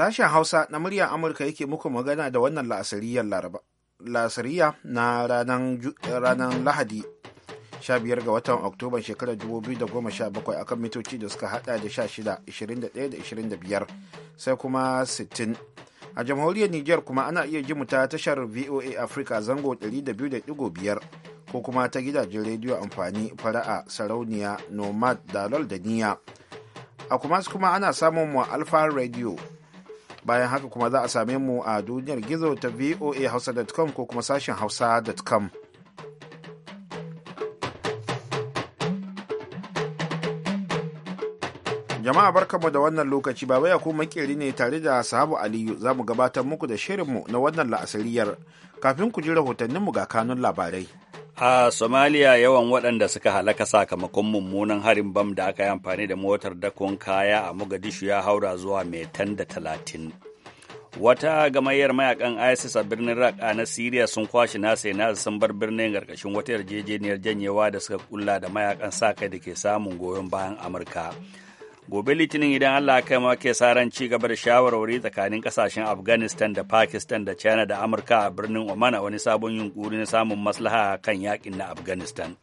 Sashen Hausa na muryar Amurka yake muku magana da wannan la'asariya na ranar Lahadi 15 ga watan Oktoba shekarar 2017 akan mitoci da suka hada da 16, 21 da 25 sai kuma 60. A jamhuriyar Nijar kuma ana iya ji ta tashar VOA Africa zango 200.5 ko kuma ta gidajen rediyo amfani fara'a sarauniya nomad dalol da niya. A kuma kuma ana samun mu alfa radio bayan haka kuma za a same mu a duniyar gizo ta voa hausa.com ko kuma sashen hausa.com jama'a barkanmu da wannan lokaci baba ya kuma makeri ne tare da sahabu aliyu za mu gabatar muku da shirinmu na wannan la'asariyar kafin ku ji rahotanninmu ga kanun labarai A Somalia yawan waɗanda suka halaka sakamakon mummunan harin bam da aka yi amfani da motar dakon kaya a Mogadishu ya haura zuwa metan da talatin. Wata gamayyar mayakan ISIS a birnin Raqqa na Siriya sun kwashe nasa na sun bar birnin karkashin wata yarjejeniyar janyewa da suka kulla da mayakan sa kai da ke samun goyon bayan Amurka. gobe litinin idan allah kai ma ke sa ran ci gaba da shawarwari tsakanin kasashen afghanistan da pakistan da china da amurka a birnin oman a wani sabon yunkuri na samun maslaha kan yakin na afghanistan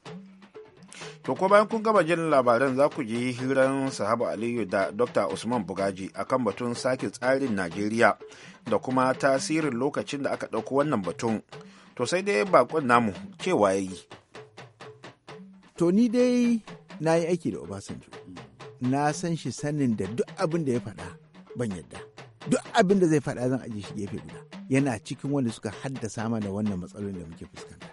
to ko bayan kun gama jin labaran za ku ji hirar sahabu aliyu da dr usman bugaji akan batun sake tsarin najeriya da kuma tasirin lokacin da aka ɗauko wannan batun to sai dai bakon namu cewa yayi yi to ni dai na yi aiki da obasanjo na san shi sanin da duk abin da ya faɗa ban yadda duk abin da zai faɗa zan aje shi gefe guda yana cikin wanda suka haddasa mana wannan matsalolin da muke fuskanta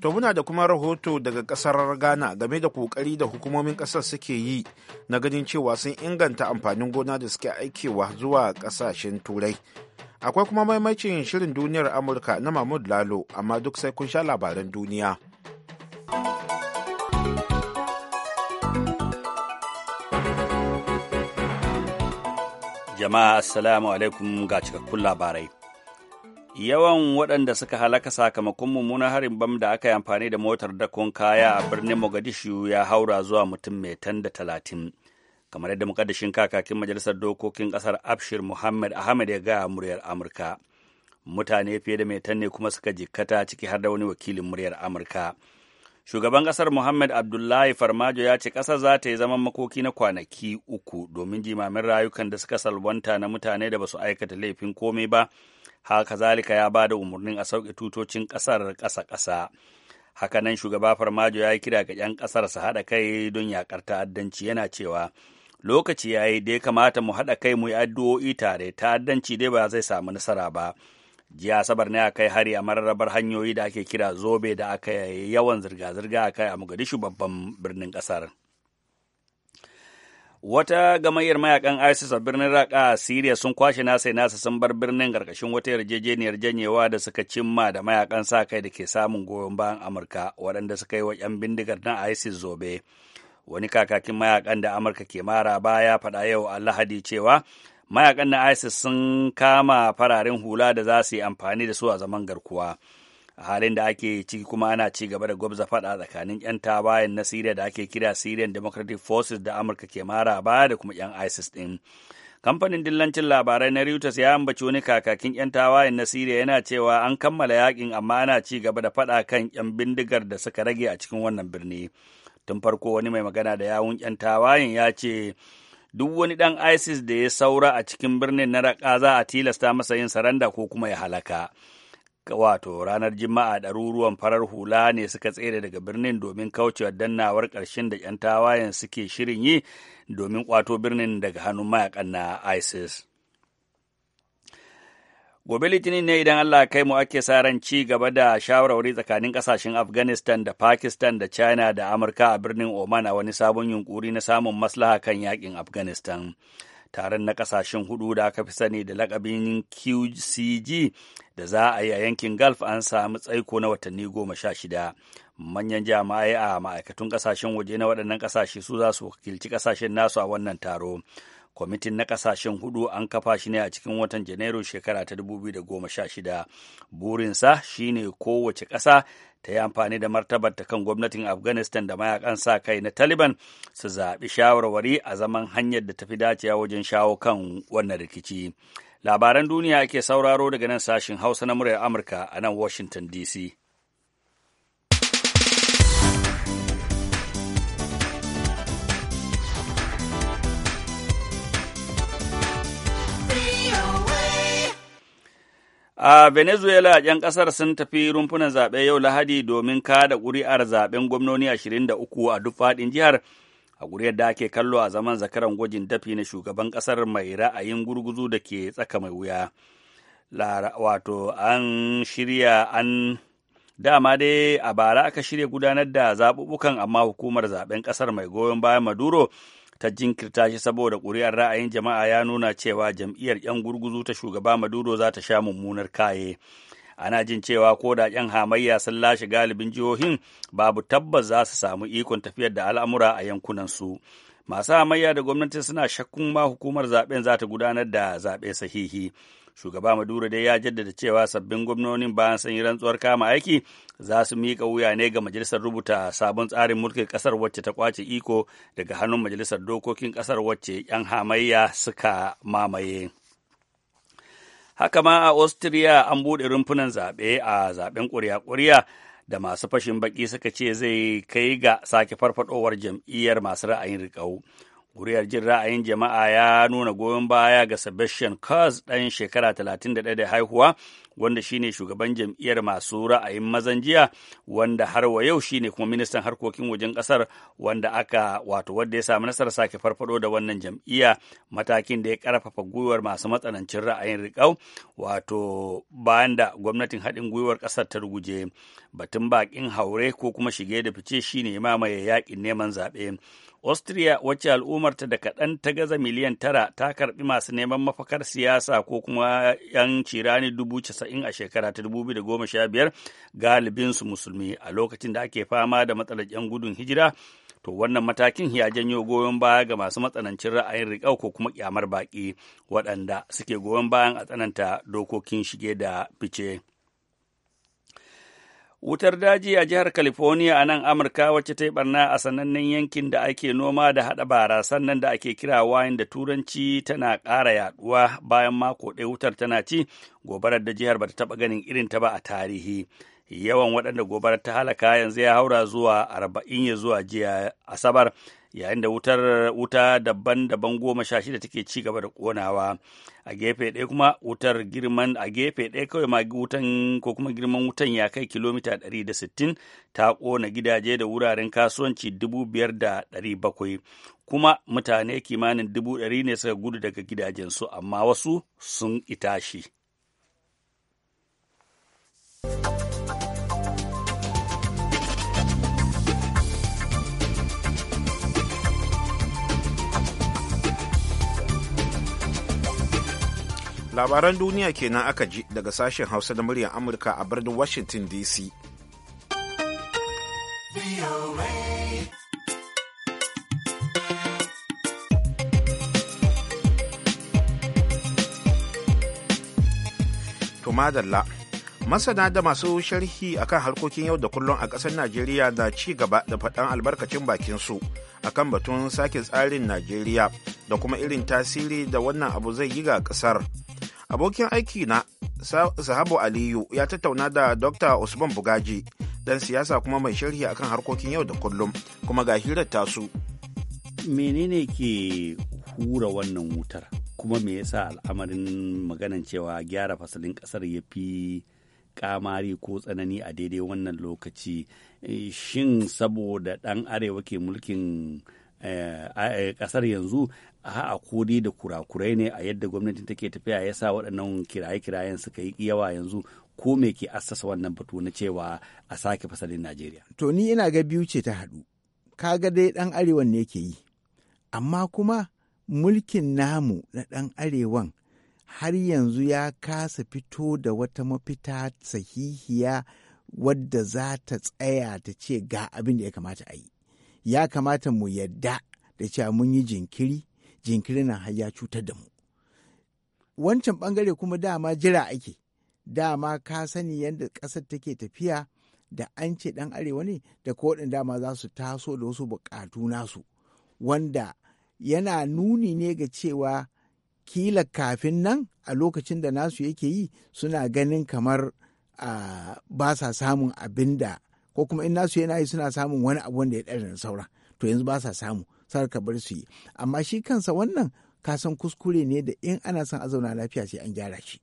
to muna da kuma rahoto daga kasar ghana game da kokari da hukumomin kasar suke yi na ganin cewa sun inganta amfanin gona da suke aikewa zuwa kasashen turai akwai kuma maimacin shirin duniyar amurka na mahmud lalo amma duk sai kun sha labaran duniya Jama'a Assalamu alaikum ga cikakkun labarai. Yawan waɗanda suka halaka sakamakon mummunan harin bam da aka yi amfani da motar dakon kaya a birnin Mogadishu ya haura zuwa mutum mai tan da talatin. Kamar yadda mukaddashin kakakin majalisar dokokin ƙasar Abshir Muhammad Ahmed ya gaya muryar Amurka. Mutane fiye da mai tan ne kuma suka jikkata ciki har da wani wakilin muryar Amurka. shugaban ƙasar muhammad abdullahi farmajo ya ce ƙasar za ta yi zaman makoki na kwanaki uku domin jimamin rayukan da suka salwanta na mutane da ba su aikata laifin komai ba haka zalika ya ba da umarnin a sauke tutocin ƙasar ƙasa-ƙasa hakanan shugaba farmajo ya yi kira ga 'yan ƙasar su haɗa kai don yaƙar ta'addanci yana cewa lokaci ya yi da ya kamata mu haɗa kai mu yi addu'o'i tare ta'addanci dai ba zai samu nasara ba jiya asabar ne aka kai hari a mararrabar hanyoyi da ake kira zobe da aka yawan zirga-zirga a kai a mogadishu babban birnin kasar wata gamayyar mayakan isis a birnin raka a siriya sun kwashe nasa nasa sun bar birnin karkashin wata yarjejeniyar janyewa da suka cimma da mayakan sa kai da ke samun goyon bayan amurka waɗanda suka yi wa 'yan bindigar na isis zobe wani kakakin mayakan da amurka ke mara baya faɗa yau a lahadi cewa mayakan na isis sun kama fararen hula da za su yi amfani da su a zaman garkuwa a halin da ake ciki kuma ana ci gaba da gwabza faɗa tsakanin 'yan tabayan na siriya da ake kira syrian democratic forces da amurka ke mara baya da kuma 'yan isis din kamfanin dillancin labarai na reuters ya ambaci wani kakakin 'yan tawayen na siriya yana cewa an kammala yakin amma ana ci gaba da faɗa kan 'yan bindigar da suka rage a cikin wannan birni tun farko wani mai magana da yawun 'yan tawayen ya ce duk wani ɗan ISIS da ya saura a cikin birnin na raƙa za a tilasta masa yin saranda ko kuma ya halaka. Wato ranar Juma'a ɗaruruwan farar hula ne suka tsere daga birnin domin kaucewa dannawar ƙarshen da ‘yan tawayen suke shirin yi domin ƙwato birnin daga hannun mayakan na ISIS. Gobe Litinin ne idan Allah kai mu ake sa ran ci gaba da shawarwari tsakanin kasashen Afghanistan da Pakistan da China da Amurka a birnin Oman a wani sabon yunkuri na samun maslaha kan yakin Afghanistan. Taron na kasashen hudu da aka fi sani da lakabin QCG da za a yi a yankin Gulf an samu tsaiko na watanni goma sha shida. Manyan jama'ai a ma'aikatun kasashen waje na waɗannan kasashe su za su wakilci kasashen nasu a wannan taro. kwamitin na kasashen hudu an kafa shi ne a cikin watan janairu shekara ta 2016 burinsa shine kowace ƙasa ta yi amfani da ta kan gwamnatin afghanistan da mayakan sa kai na taliban su zaɓi shawarwari a zaman hanyar da tafi dacewa wajen shawo kan wannan rikici labaran duniya ake sauraro daga nan sashin hausa na muryar amurka a nan washington dc A Venezuela, ‘yan ƙasar sun tafi rumfunan zaɓe yau Lahadi domin kada ƙuri'ar zaɓen gwamnoni 23 a duk faɗin jihar, a ƙuri'ar da ake kallo a zaman zakaran gwajin dafi na shugaban ƙasar mai ra'ayin gurguzu da ke tsaka mai wuya. Wato, an shirya an dama dai a bara aka shirya gudanar da zaɓuɓɓukan amma hukumar zaɓen ƙasar mai goyon bayan Maduro ta jinkirta shi saboda ƙuri'ar ra'ayin jama'a ya nuna cewa jam'iyyar 'yan gurguzu ta shugaba maduro za ta sha mummunar kaye ana jin cewa ko da 'yan hamayya sun lashe galibin jihohin babu tabbas za su samu ikon tafiyar da al'amura a yankunansu masu hamayya da gwamnati suna shakkun ma hukumar zaben za ta gudanar da zaɓe sahihi shugaba maduro dai ya jaddada cewa sabbin gwamnonin bayan sanyi yi rantsuwar kama aiki za su miƙa wuya ne ga majalisar rubuta sabon tsarin mulkin ƙasar wacce ta kwace iko daga hannun majalisar dokokin ƙasar wacce 'yan hamayya suka mamaye. haka ma a austria an buɗe rumfunan zaɓe a zaɓen ƙuri'a-ƙuri'a da masu fashin baƙi suka ce zai kai ga sake farfadowar jam'iyyar masu ra'ayin riƙau guriyar jin ra'ayin jama'a ya nuna goyon baya ga Sebastian Kurz ɗan shekara 31 da haihuwa wanda shine shugaban jam'iyyar masu ra'ayin mazan jiya wanda har wa yau shine kuma ministan harkokin wajen ƙasar wanda aka wato wanda ya samu nasarar sake farfado da wannan jam'iyya matakin da ya karfafa gwiwar masu matsanancin ra'ayin riƙau wato bayan da gwamnatin haɗin gwiwar ƙasar ta ruguje batun baƙin haure ko kuma shige da fice shine mamaye yaƙin neman zaɓe Austria wacce al'ummarta da kaɗan ta gaza miliyan tara ta karɓi masu neman mafakar siyasa ko kuma 'yan cirani dubu casa'in a shekara ta dubu biyu da goma sha biyar galibin su musulmi a lokacin da ake fama da matsalar 'yan gudun hijira to wannan matakin ya janyo goyon baya ga masu matsanancin ra'ayin riƙau ko kuma kyamar baƙi waɗanda suke goyon bayan a tsananta dokokin shige da fice. Wutar daji a jihar California a nan Amurka wacce ta yi barna a sanannen yankin da ake noma da haɗa barasan nan da ake kira wayan da turanci tana ƙara yaɗuwa bayan mako ɗaya wutar tana ci gobarar da jihar bata taɓa ganin irin ta ba a tarihi. Yawan waɗanda gobarar ta halaka yanzu ya haura zuwa arba'in ya zuwa jiya Asabar yayin da wutar wuta daban-daban goma sha shida take ci gaba da konawa a gefe ɗaya kuma wutar girman a gefe ɗaya kawai ma wutan ko kuma girman wutan ya kai kilomita ɗari 160 ta ƙona gidaje da wuraren kasuwanci 5,700 kuma mutane kimanin ɗari ne suka gudu daga gidajensu amma wasu sun itashi. labaran duniya kenan aka ji daga sashen hausa na muryar amurka a birnin washington dc madalla masana da masu sharhi akan harkokin yau da kullum a ƙasar najeriya na ci gaba da faɗan albarkacin bakinsu akan batun sake tsarin najeriya da kuma irin tasiri da wannan abu zai yi ga ƙasar abokin aiki na sahabu aliyu ya tattauna da dr usman bugaji dan siyasa kuma mai sharhi akan harkokin yau da kullum kuma ga hirar tasu menene ke hura wannan wutar kuma me yasa al'amarin maganan cewa gyara fasalin kasar ya fi kamari ko tsanani a daidai wannan lokaci eh, shin saboda dan arewa ke mulkin Eh, eh, kasar yanzu a ko da kurakurai ne a yadda gwamnati take tafiya ya sa waɗannan kiraye-kirayen suka yi yawa yanzu ko me ke assasa wannan batu na cewa a sake fasalin Najeriya. To ni ina ga biyu ce ta haɗu, kaga dai ɗan arewan ne ke yi, amma kuma mulkin namu na ɗan arewan har yanzu ya kasa fito da wata mafita sahihiya wadda za ta tsaya ta ce ga abin da ya kamata a yi. ya kamata mu yadda da cewa mun yi jinkiri jinkiri na cutar da mu wancan bangare kuma dama jira ake dama ka sani yadda ƙasar take tafiya da an ce ɗan arewa ne da ko dama za su taso da wasu buƙatu nasu wanda yana nuni ne ga cewa kila kafin nan a lokacin da nasu yake yi suna ganin kamar ah, ba sa samun abin da ko kuma in nasu yana yi suna samun wani abu wanda ya ɗara na sauran to yanzu ba sa samu sar ka bar su yi amma shi kansa wannan ka san kuskure ne da in ana son a zauna lafiya sai an gyara shi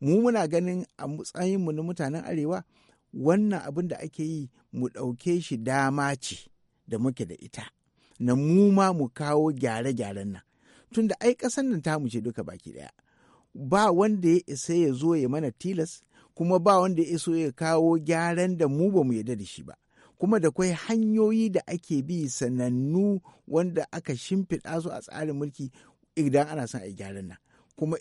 mu muna ganin a matsayin mu na mutanen arewa wannan abin da ake yi mu ɗauke shi dama ce da muke da ita na mu ma mu kawo gyare-gyaren nan tunda ai ƙasar nan mu ce duka baki ɗaya ba wanda ya isa ya zo ya mana tilas kuma ba wanda ya so ya kawo gyaran da mu ba mu yarda da shi ba kuma da kwai hanyoyi da ake bi sanannu wanda aka shimfiɗa su a tsarin mulki idan ana son a yi gyaran nan kuma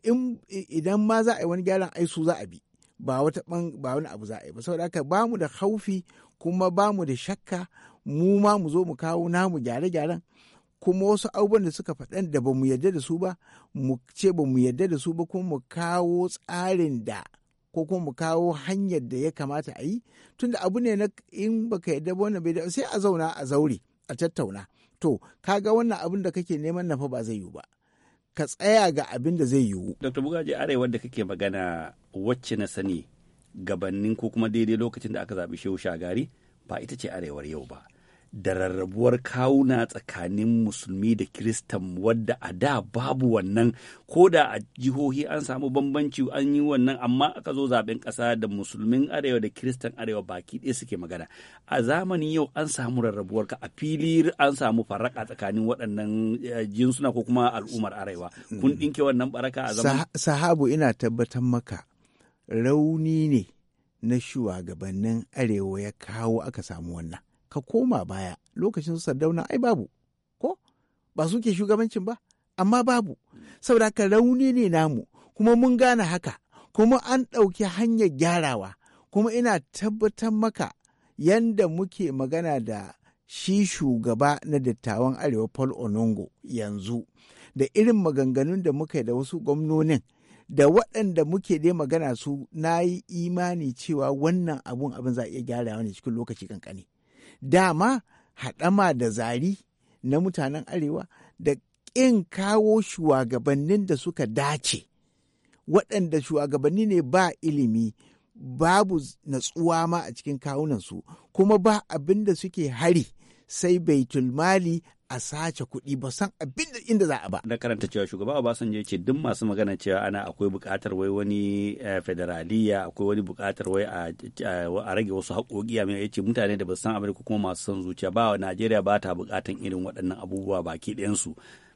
idan ma za a yi wani gyaran ai su za a bi ba wata ba wani abu za a yi ba saboda haka ba mu da haufi kuma ba mu da shakka mu ma mu zo mu kawo namu gyare gyaran kuma wasu abubuwan da suka faɗan da ba mu yarda da su ba mu ce ba mu yarda da su ba kuma mu kawo tsarin da ko kuma mu kawo hanyar da ya kamata a yi tunda abu ne na in baka yarda ba wannan bai da sai a zauna a zaure a tattauna to kaga wannan abin da kake neman nafa ba zai yiwu ba ka tsaya ga abin da zai yiwu dr bugaji arewa da kake magana wacce na sani gabanin ko kuma daidai lokacin da aka zaɓi shehu shagari ba ita ce arewar yau ba da rarrabuwar kawuna tsakanin musulmi da kiristan wadda a da babu wannan ko da a jihohi an samu bambanci an yi wannan amma aka zo zaben ƙasa da musulmin arewa da kiristan arewa baki ɗaya suke magana a zamanin yau an samu rarrabuwar ka a fili an samu faraka tsakanin waɗannan eh, jinsuna ko kuma al'ummar arewa kun mm. ɗinke wannan baraka a zaman sahabu ina tabbatar maka rauni ne na shugabannin arewa ya kawo aka samu wannan ka koma baya lokacin su sardauna ai babu ko ba su ke shugabancin ba amma babu saboda haka rauni ne namu kuma mun gane haka kuma an ɗauki hanyar gyarawa kuma ina tabbatar maka yanda muke magana da shi shugaba na dattawan arewa paul onongo yanzu da irin maganganun da muka yi da wasu gwamnonin da waɗanda muke dai magana su na yi imani cewa wannan abun abin za a iya gyarawa ne cikin lokaci kankani dama haɗama da zari na mutanen arewa da ƙin kawo shugabannin da suka dace waɗanda shugabanni ne ba ilimi babu natsuwa ma a cikin kawunansu kuma ba abin da suke hari sai bai baitulmali a sace kuɗi ba san abin da inda za a ba. Na karanta cewa shugaba Obasanjo ce duk masu magana cewa ana akwai buƙatar wai wani eh, federaliya akwai wani buƙatar wai a rage wasu haƙoƙi a mai ce mutane da ba san Amurka kuma masu son zuciya ba Najeriya ba ta buƙatan irin waɗannan abubuwa baki ɗayansu.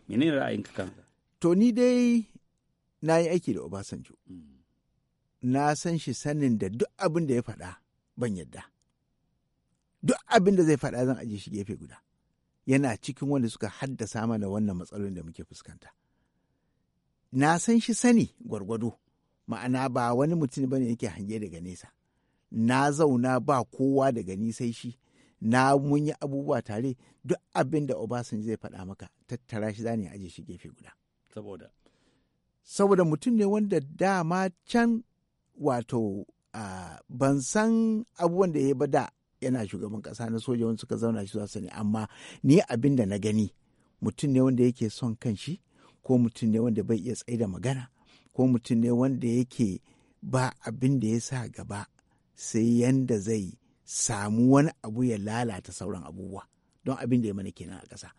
Menene ra'ayinka kan? To ni dai na yi aiki da Obasanjo. Mm. Na san shi sanin da duk abin da ya faɗa ban yadda. Duk abin da zai faɗa zan aje shi gefe guda. yana cikin wanda suka haddasa mana wannan matsalolin da muke fuskanta na san shi sani gwargwado ma'ana ba wani mutum bane yake hange daga nesa na zauna ba kowa daga ni sai shi na mun yi abubuwa tare duk abin da obasanjo zai faɗa maka tattara shi zane aje shi gefe guda saboda saboda mutum ne wanda dama can wato ban san abubuwan da ya ba da yana shugaban kasa na soja wanda suka zauna shi za su amma ni abin da na gani mutum ne wanda yake son kan shi ko mutum ne wanda bai iya da magana ko mutum ne wanda yake ba abin da ya sa gaba sai yanda zai samu wani abu ya lalata sauran abubuwa don abin da ya mana kenan a ƙasa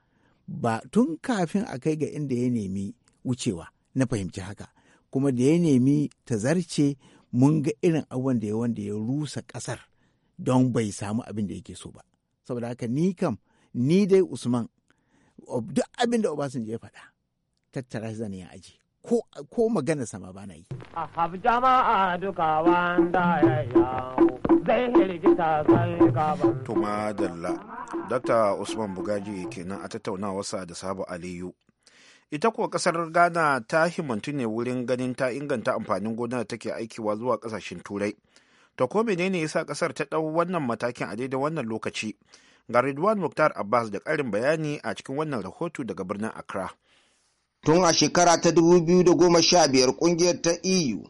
ba tun kafin a kai ga inda ya nemi wucewa na fahimci haka kuma da ya nemi ta zarce mun ga irin abubuwan da ya wanda ya rusa ƙasar don bai samu abin da yake so ba saboda haka ni kam ni dai usman duk abin da obasanjo ya faɗa tattara zan ya aji ko, magana sama ba na yi a jama'a to madalla dr usman bugaji kenan a tattaunawarsa da sabu aliyu ita kuwa kasar ghana ta himantu ne wurin ganin ta inganta amfanin gona da take aikiwa zuwa kasashen turai To ko menene sa kasar ta ɗau wannan matakin a daidai wannan lokaci? Ga Ridwan Muktar Abbas da karin bayani a cikin wannan rahoto daga birnin Accra. Tun a shekara ta 2015 kungiyar ta EU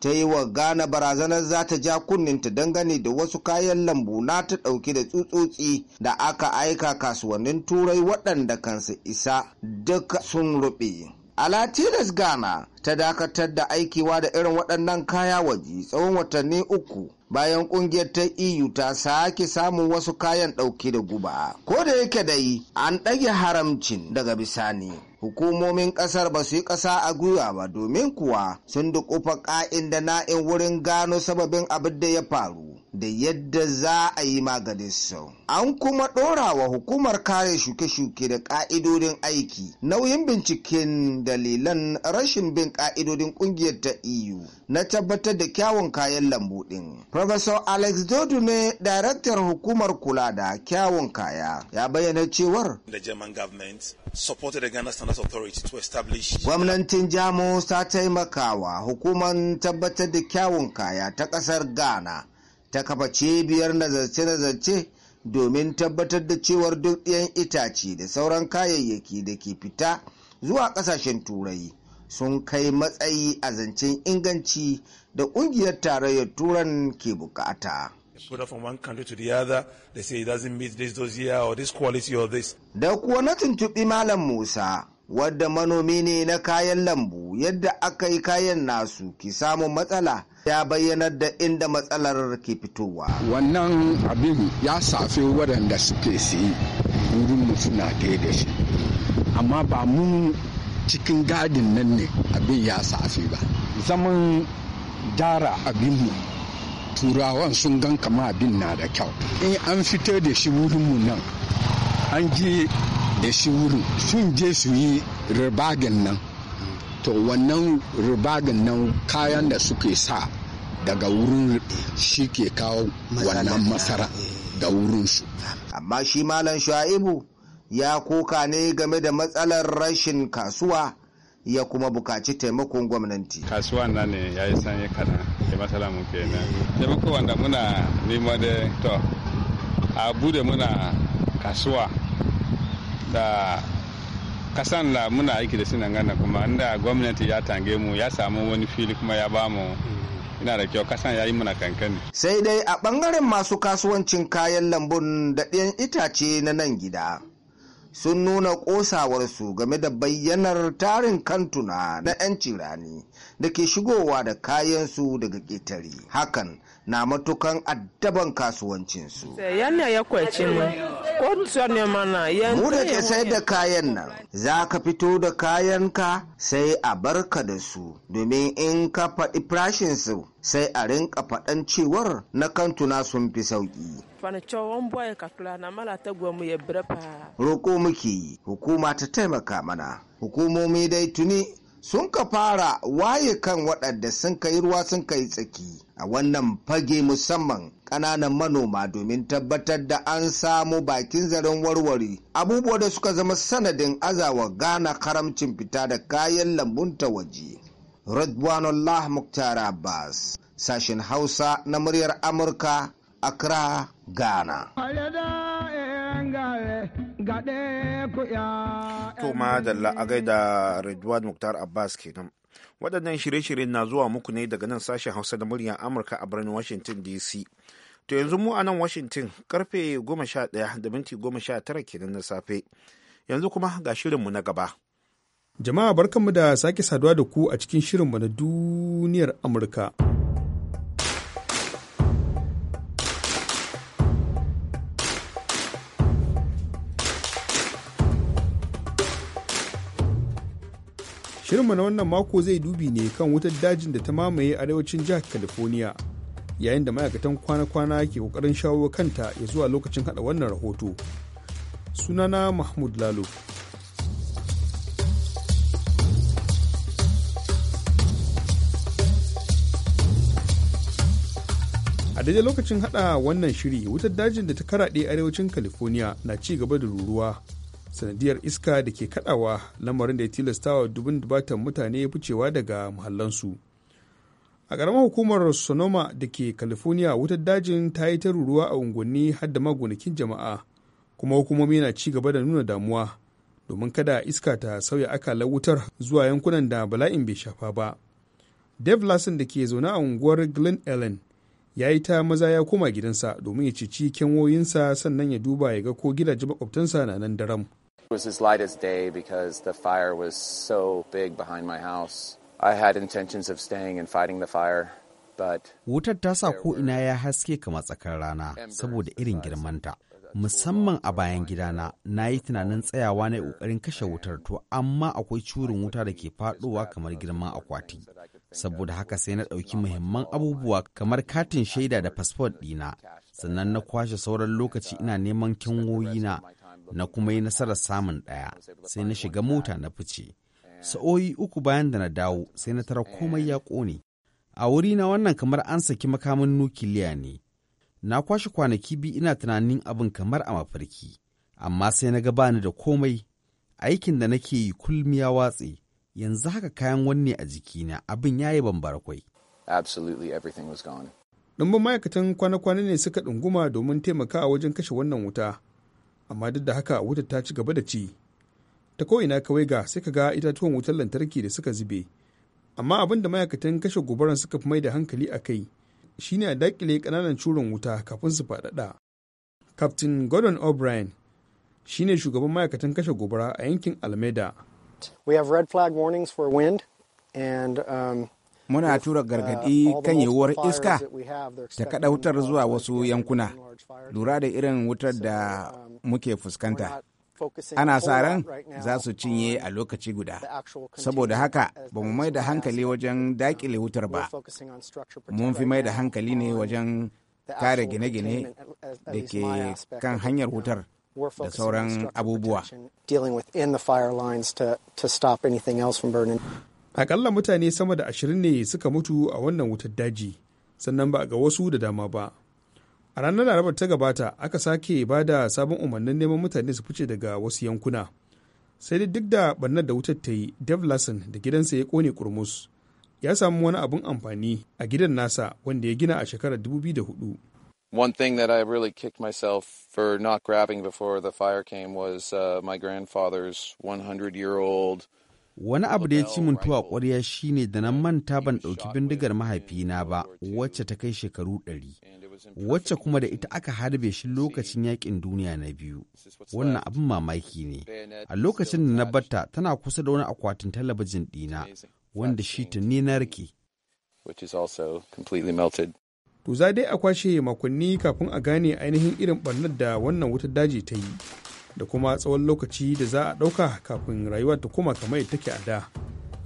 ta yi wa gana barazanar za ta ja kunninta dangane da wasu kayan lambu na ta ɗauki da tsutsotsi da aka aika kasuwannin turai waɗanda kansu isa duk sun ruɓe. a latinas Ghana ta dakatar da aikiwa da irin waɗannan kaya waje tsawon watanni uku bayan kungiyar ta EU ta sake samun wasu kayan ɗauke da guba. Ko da yake dai an ɗage haramcin daga bisani. Hukumomin ƙasar ba su yi ƙasa a gwiwa ba domin kuwa sun duƙufa ƙa'in da na'in wurin gano sababin abin da ya faru. da yadda za a yi maganin sau. An kuma ɗora wa hukumar kare shuke-shuke da ƙa'idodin aiki nauyin binciken dalilan rashin bin ƙa'idodin ƙungiyar ta EU na tabbatar da kyawun kayan lambu ɗin. Professor Alex Dodu ne daraktar hukumar kula da kyawun kaya ya bayyana cewar. The German government supported the Ghana Standards Authority Gwamnatin Jamus ta taimakawa hukumar tabbatar da kyawun kaya ta ƙasar Ghana ta kafa cibiyar nazarce-nazarce domin tabbatar da cewar duk ɗiyan itace da sauran kayayyaki da ke fita zuwa ƙasashen turai sun kai matsayi a zancen inganci da ƙungiyar tarayyar turan ke bukata. Da kuwa na tuntuɓi Malam Musa, wadda manomi ne na kayan lambu yadda aka yi kayan nasu ke samun matsala ya bayyanar da inda matsalar ke fitowa. Wannan abin ya safe waɗanda suke siyi wurinmu suna kai da shi. Amma ba mu cikin gadin nan ne abin ya safe ba. Zaman dara abinmu turawan sun gan kama abin na da kyau. In an fito da shi wurinmu nan, an ji da shi wurin sun je su yi nan to wannan ribagin nan kayan da suke sa daga wurin shi ke kawo wannan masara eh. ga su. amma shi malam shu'aibu ya koka ne game da matsalar rashin kasuwa ya kuma bukaci taimakon gwamnati kasuwa na ne ya yi sanye kaɗan da matsala mu nan taimako wanda muna nema da to a bude muna kasuwa da kasan la muna aiki da nan gana kuma inda gwamnati ya tange mu ya samu wani fili kuma ya bamu ina da kyau kasan ya yi muna kankani. sai dai a bangaren masu kasuwancin kayan lambun da ɗayan itace na nan gida sun nuna ƙosawarsu game da bayyanar tarin kantuna na 'yancin rani da ke shigowa da kayansu daga ƙetare hakan na matukan addaban kasuwancinsu. Mu da ke sai da kayan nan, za ka fito da kayan ka sai a barka da su, domin in ka faɗi farashinsu sai a rinka faɗan cewar na kantuna sun fi sauƙi. Roƙo muke yi, hukuma ta taimaka mana, hukumomi dai tuni sun ka fara waye kan waɗanda sun kai ruwa sun kai tsaki a wannan fage musamman ƙananan manoma domin tabbatar da an samu bakin zaren warware abubuwa da suka zama sanadin azawa gana karamcin fita da kayan lambun ta waje. Radwanullah Muktar Abbas, sashen Hausa na muryar Amurka, Accra, Ghana. Eh, To ma da a gaida Redwood Muktar Abbas kenan. Waɗannan shirye-shiryen na zuwa muku ne daga nan sashen Hausa da muryar Amurka a birnin Washington DC. To yanzu mu a nan Washington karfe ɗaya da minti goma sha 19 kenan na safe. Yanzu kuma ga shirinmu na gaba. Jama'a barkanmu da sake saduwa da ku a cikin shirinmu na duniyar Amurka. Shirinmu na wannan mako zai dubi ne kan wutar dajin da ta mamaye arewacin jihar California yayin da ma'aikatan kwana-kwana ke kokarin shawo kanta ya zuwa lokacin hada wannan rahoto. Sunana Mahmud Lalo. a daidai lokacin hada wannan shiri wutar dajin da ta karaɗe arewacin california na ci gaba da ruruwa sanadiyar iska da ke kadawa lamarin da ya tilastawa dubin dubatan mutane ficewa daga muhallansu a ƙaramar hukumar sonoma da ke california wutar dajin ta yi ta ruruwa a unguwanni har da magonakin jama'a kuma hukumomi na ci gaba da nuna damuwa domin kada iska ta sauya akalar wutar zuwa yankunan da bala'in bai shafa ba dave larson da ke zaune a unguwar glen ellen ya yi ta maza ya koma gidansa domin ya cici kyanwoyinsa sannan ya duba ya ga ko gidajen makwabtansa na nan daram It was as light as day because the fire was so big behind my house. I had intentions of staying and fighting the fire. Wutar ta sa ko ina ya haske kamar tsakar rana saboda irin girmanta, musamman a bayan gidana na yi tunanin tsayawa na ƙoƙarin kashe wutar to amma akwai curin wuta da ke faɗowa kamar girman akwati. Saboda haka sai na ɗauki muhimman abubuwa kamar katin shaida da fasfot ɗina, sannan na kwashe sauran lokaci uh, ina neman na na kuma yi nasarar samun ɗaya sai na shiga mota na fice sa'o'i uku bayan da na dawo sai na tara komai ya ƙone a wuri na wannan kamar an saki makamin nukiliya ne na kwashe kwanaki biyu ina tunanin abin kamar a mafarki amma sai na bani da komai aikin da nake yi kullum ya watse yanzu haka kayan wanne a jikina abin ya yi bambarakwai absolutely Ɗumbin ma'aikatan kwana-kwana ne suka ɗunguma domin taimakawa wajen kashe wannan wuta, amma duk da haka wutar ta ci gaba da ci ta ko'ina kawai ga sai ka ga itatuwan wutar lantarki da suka zube amma abin da ma'aikatan kashe gobaran suka fi mai da hankali a kai shine a dakile ƙananan curin wuta kafin su faɗaɗa captain gordon o'brien shine shugaban ma'aikatan kashe gobara a yankin alameda we have red flag warnings for wind and um, muna tura gargaɗi uh, kan yiwuwar iska ta kaɗa wutar zuwa wasu yankuna lura da irin wutar da um, muke fuskanta ana sa ran za su cinye a lokaci guda saboda haka ba mu mai da hankali wajen um, dakile wutar ba mun fi mai da hankali ne wajen kare gine-gine da ke kan hanyar um, wutar da sauran abubuwa akalla mutane sama da ashirin ne suka mutu a wannan wutar daji sannan ba ga wasu da dama ba a ranar larabar ta gabata aka sake ba da sabon umarnin neman mutane su fice daga wasu yankuna sai dai duk da barnar da wutar ta yi dev da gidansa ya kone kurmus ya samu wani abun amfani a gidan nasa wanda ya gina a shekarar 2004 One thing that I really kicked myself for not grabbing before the fire came was uh, my grandfather's 100 year old wani abu da ya ci mun tuwa ƙwarya shine da na manta ban ɗauki bindigar mahaifina ba wacce ta kai shekaru ɗari wacce kuma da ita aka harbe shi lokacin yakin duniya na biyu wannan abin mamaki ne a lokacin da na batta tana kusa da wani akwatin talabijin ɗina wanda shi ta ne na rike to za dai a kwashe makonni kafin a gane ainihin irin ɓarnar da wannan wutar daji ta yi da kuma tsawon lokaci da za a ɗauka kafin rayuwar ta koma kamar take a da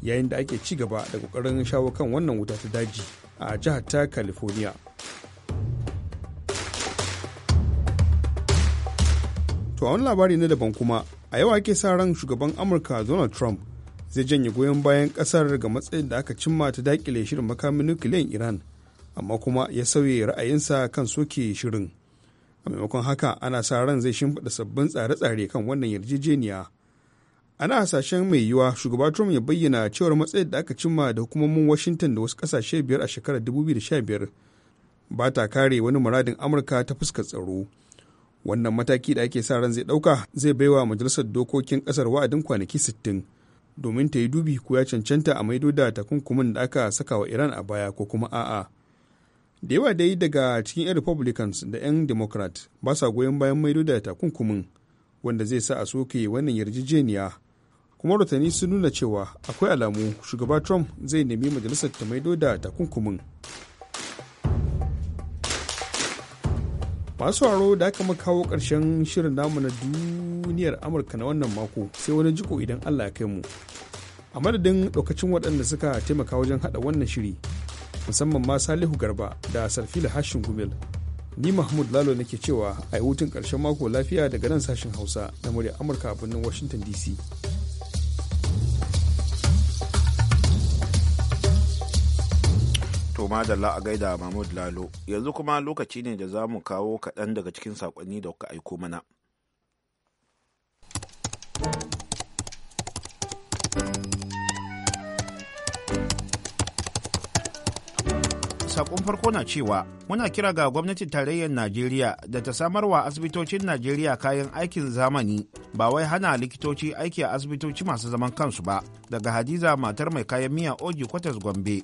yayin da ake ci gaba da ƙoƙarin shawo kan wannan wuta ta daji a jihar ta california to a wani labari na daban kuma a yau ake sa ran shugaban amurka donald trump zai janye goyon bayan kasar ga matsayin da aka cimma ta dakile shirin makamin nukiliyan iran amma kuma ya sauye ra'ayinsa kan soke shirin a maimakon haka ana sa ran zai shimfiɗa sabbin tsare-tsare kan wannan yarjejeniya ana hasashen mai yiwuwa shugaba trump ya bayyana cewar matsayin da aka cimma da hukumomin washington da wasu ƙasashe biyar a shekarar 2015 ba ta kare wani muradin amurka ta fuskar tsaro wannan mataki da ake sa ran zai ɗauka zai baiwa majalisar dokokin ƙasar wa'adin kwanaki sittin domin ta yi dubi ko ya cancanta a maido da takunkumin da aka saka wa iran a baya ko kuma a'a. da yawa dai daga cikin 'yan republicans da 'yan democrat ba sa goyon bayan maido da takunkumin wanda zai sa a soke wannan yarjejeniya kuma rotani sun nuna cewa akwai alamu shugaba trump zai nemi majalisar ta maido da takunkumin masu haro da aka kawo ƙarshen shirin namu na duniyar amurka na wannan mako sai wani jiko idan allah ya kai mu a madadin lokacin waɗanda suka taimaka wajen haɗa wannan shiri musamman ma Salihu Garba da Sarfila Hashin Gumel. Ni Mahmud Lalo nake cewa a yi hutun ƙarshen mako lafiya daga nan sashen Hausa na murya Amurka a birnin Washington DC. To madalla a gaida Mahmud Lalo, yanzu kuma lokaci ne da za mu kawo kaɗan daga cikin saƙonni da kuka aiko mana. sakon farko na cewa muna kira ga gwamnatin tarayyar najeriya da ta samar wa asibitocin najeriya kayan aikin zamani ba wai hana likitoci aiki a asibitoci masu zaman kansu ba daga hadiza matar mai kayan miya oji kwatas gombe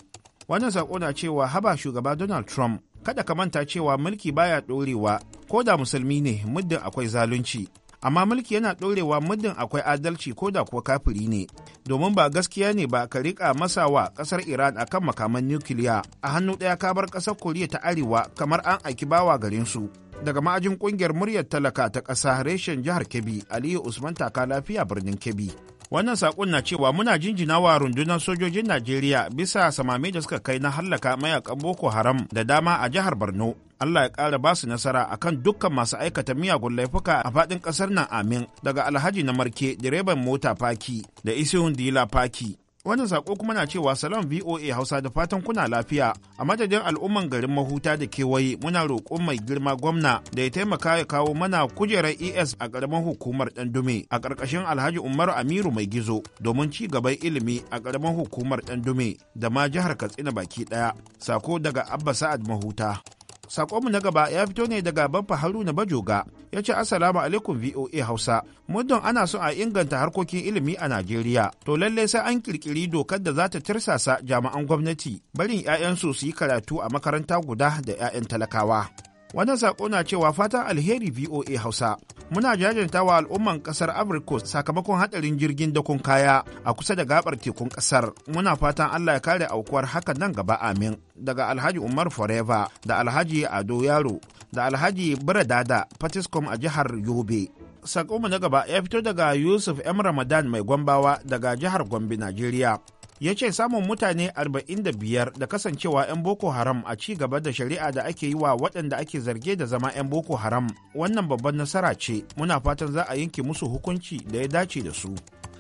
wannan sako na cewa haba shugaba donald trump kada ka manta cewa mulki baya dorewa ko da musulmi ne muddin akwai zalunci amma mulki yana ɗorewa muddin akwai adalci ko da kuwa kafiri ne domin ba gaskiya ne ba ka riƙa masa wa ƙasar iran akan makaman nukiliya a hannu ɗaya ka bar ƙasar koriya ta arewa kamar an aiki bawa garin su daga ma'ajin ƙungiyar muryar talaka ta ƙasa reshen jihar kebbi aliyu usman taka lafiya birnin kebbi Wannan sakon na cewa muna jinjina wa rundunar sojojin Najeriya bisa samame da suka kai na hallaka mayakan Boko Haram da dama a jihar Borno. Allah ya ƙara ba su nasara kan dukkan masu aikata miyagun laifuka a faɗin ƙasar nan amin daga Alhaji na Marke direban mota Faki da Isihun Dila Faki. wannan sako kuma na cewa salon voa hausa da fatan kuna lafiya a madadin al'umman garin mahuta da kewaye muna roƙon mai girma gwamna da ya taimaka ya kawo mana kujerar es a ƙaramin hukumar ɗandume a ƙarƙashin alhaji umaru amiru mai gizo domin ci gaban ilimi a ƙaramin hukumar ɗandume da ma jihar katsina baki ɗaya sako daga abba sa'ad mahuta Sakonmu na gaba ya fito ne daga Baffa Haruna Bajoga ya ce asalamu alaikum VOA Hausa. Muddin ana so a inganta harkokin ilimi a Najeriya, to lallai sai an kirkiri dokar da za ta tirsasa jami'an gwamnati barin 'ya'yansu su yi karatu a makaranta guda da 'ya'yan talakawa. Wannan sako na cewa fatan alheri VOA Hausa. muna jajanta wa al'umman kasar Africa sakamakon hadarin jirgin dakon kaya a kusa da gabar tekun kasar. Muna fatan Allah ya kare aukuwar haka nan gaba amin. Daga Alhaji Umar Forever da Alhaji Ado Yaro da Alhaji baradada patiscom a jihar Yobe. sakonmu na gaba ya fito daga Yusuf M. Ramadan mai gwambawa daga jihar Gombe, Najeriya. Ya ce samun mutane 45 da kasancewa 'yan Boko Haram a ci gaba da shari'a da ake yi wa waɗanda ake zarge da zama 'yan Boko Haram. Wannan babban nasara ce, muna fatan za a yanke musu hukunci da ya dace da su.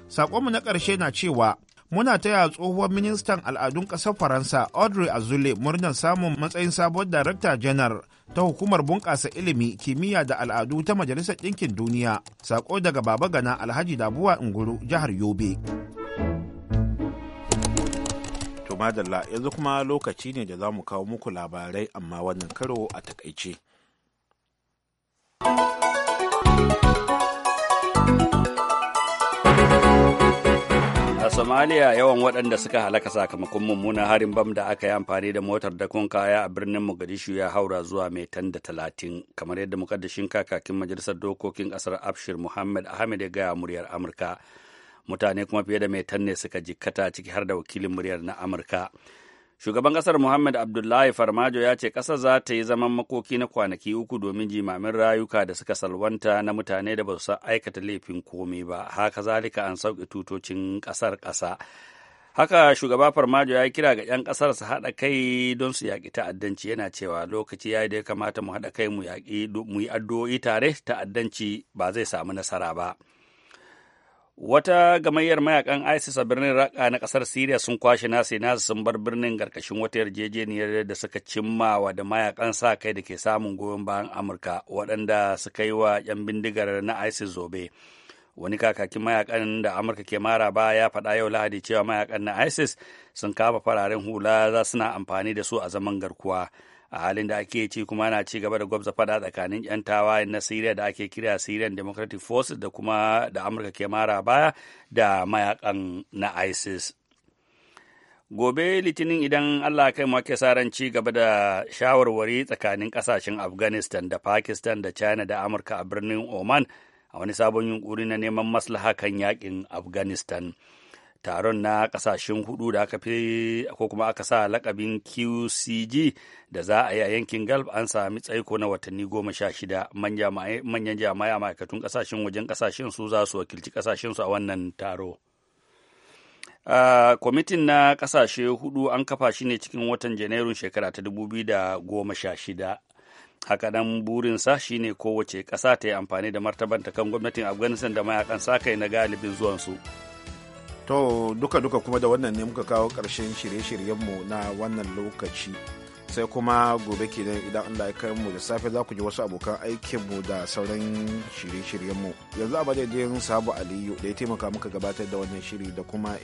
Sakonmu na ƙarshe na cewa muna taya tsohuwar ministan al'adun ƙasar faransa audrey azule murnar samun matsayin sabon darakta janar ta hukumar bunƙasa ilimi kimiyya da al'adu ta majalisar ɗinkin duniya saƙo daga baba gana alhaji dabuwa unguru jihar yobe to madalla yanzu kuma lokaci ne da za mu kawo muku labarai amma wannan karo a takaice Somalia yawan waɗanda suka halaka sakamakon mummunan harin bam da aka yi amfani da motar da kun kaya a birnin Mogadishu ya haura zuwa mai tan da talatin kamar yadda mukaddashin kakakin majalisar dokokin ƙasar Abshir Muhammad Ahmed ya gaya muryar Amurka. Mutane kuma fiye da mai tan ne suka jikkata ciki har da wakilin muryar na Amurka. Shugaban ƙasar Muhammad Abdullahi Farmajo ya ce ƙasar za ta yi zaman makoki na kwanaki uku domin jimamin rayuka da suka salwanta na mutane da ba su aikata laifin komai ba, haka zalika an sauƙi tutocin ƙasar ƙasa. Haka shugaba Farmajo ya kira ga 'yan ƙasar su haɗa kai don su yaƙi ta'addanci yana cewa lokaci ya yi da ya kamata mu haɗa kai mu yi addu'o'i tare ta'addanci ba zai samu nasara ba. Wata gamayyar mayakan ISIS a birnin Raqqa na kasar Siriya sun kwashe nasi nasu sun bar birnin garkashin wata yarjejeniyar da suka cimmawa da mayakan sa kai da ke samun goyon bayan Amurka waɗanda suka yi wa 'yan bindigar na ISIS zobe. Wani kakakin mayakan da Amurka ke mara ba ya faɗa yau Lahadi cewa mayakan na ISIS sun kafa fararen hula za suna amfani da su a zaman garkuwa. a halin da ake ci kuma ana ci gaba da gwabza fada tsakanin 'yan tawayen na Siriya da ake kira Syrian Democratic Forces da kuma da Amurka ke mara baya da mayakan na ISIS. Gobe Litinin idan Allah kai ke sa ran ci gaba da shawarwari tsakanin kasashen Afghanistan da Pakistan da China da Amurka a birnin Oman a wani sabon yunkuri na neman maslaha kan yakin Afghanistan. taron na kasashen hudu da aka fi ko kuma aka sa lakabin qcg da za a yi a yankin galb an sami tsaiko na watanni goma sha shida manyan jami'ai a ma'aikatun kasashen wajen kasashen su za su wakilci kasashen su a wannan taro kwamitin na kasashe hudu an kafa shi ne cikin watan janairun shekara ta dubu biyu da goma sha shida haka nan burinsa shine kowace ƙasa ta yi amfani da martabanta kan gwamnatin afghanistan da mayakan sa kai na galibin zuwansu. to duka-duka kuma da wannan ne muka kawo ƙarshen shirye-shiryenmu na wannan lokaci sai kuma gobe kenan idan Allah ya kai mu da safe za ku ji wasu abokan aikinmu da sauran shirye-shiryenmu yanzu a madadin sabu aliyu da ya taimaka muka gabatar da wannan shiri da kuma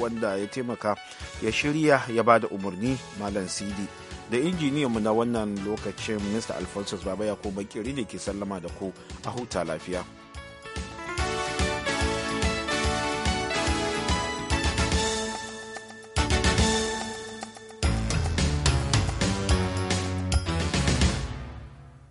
wanda ya taimaka ya shirya ya ba da umarni malam sidi da injiniyanmu na wannan lokacin mr alphonsus baba ya ko bakiri ne ke sallama da ku a huta lafiya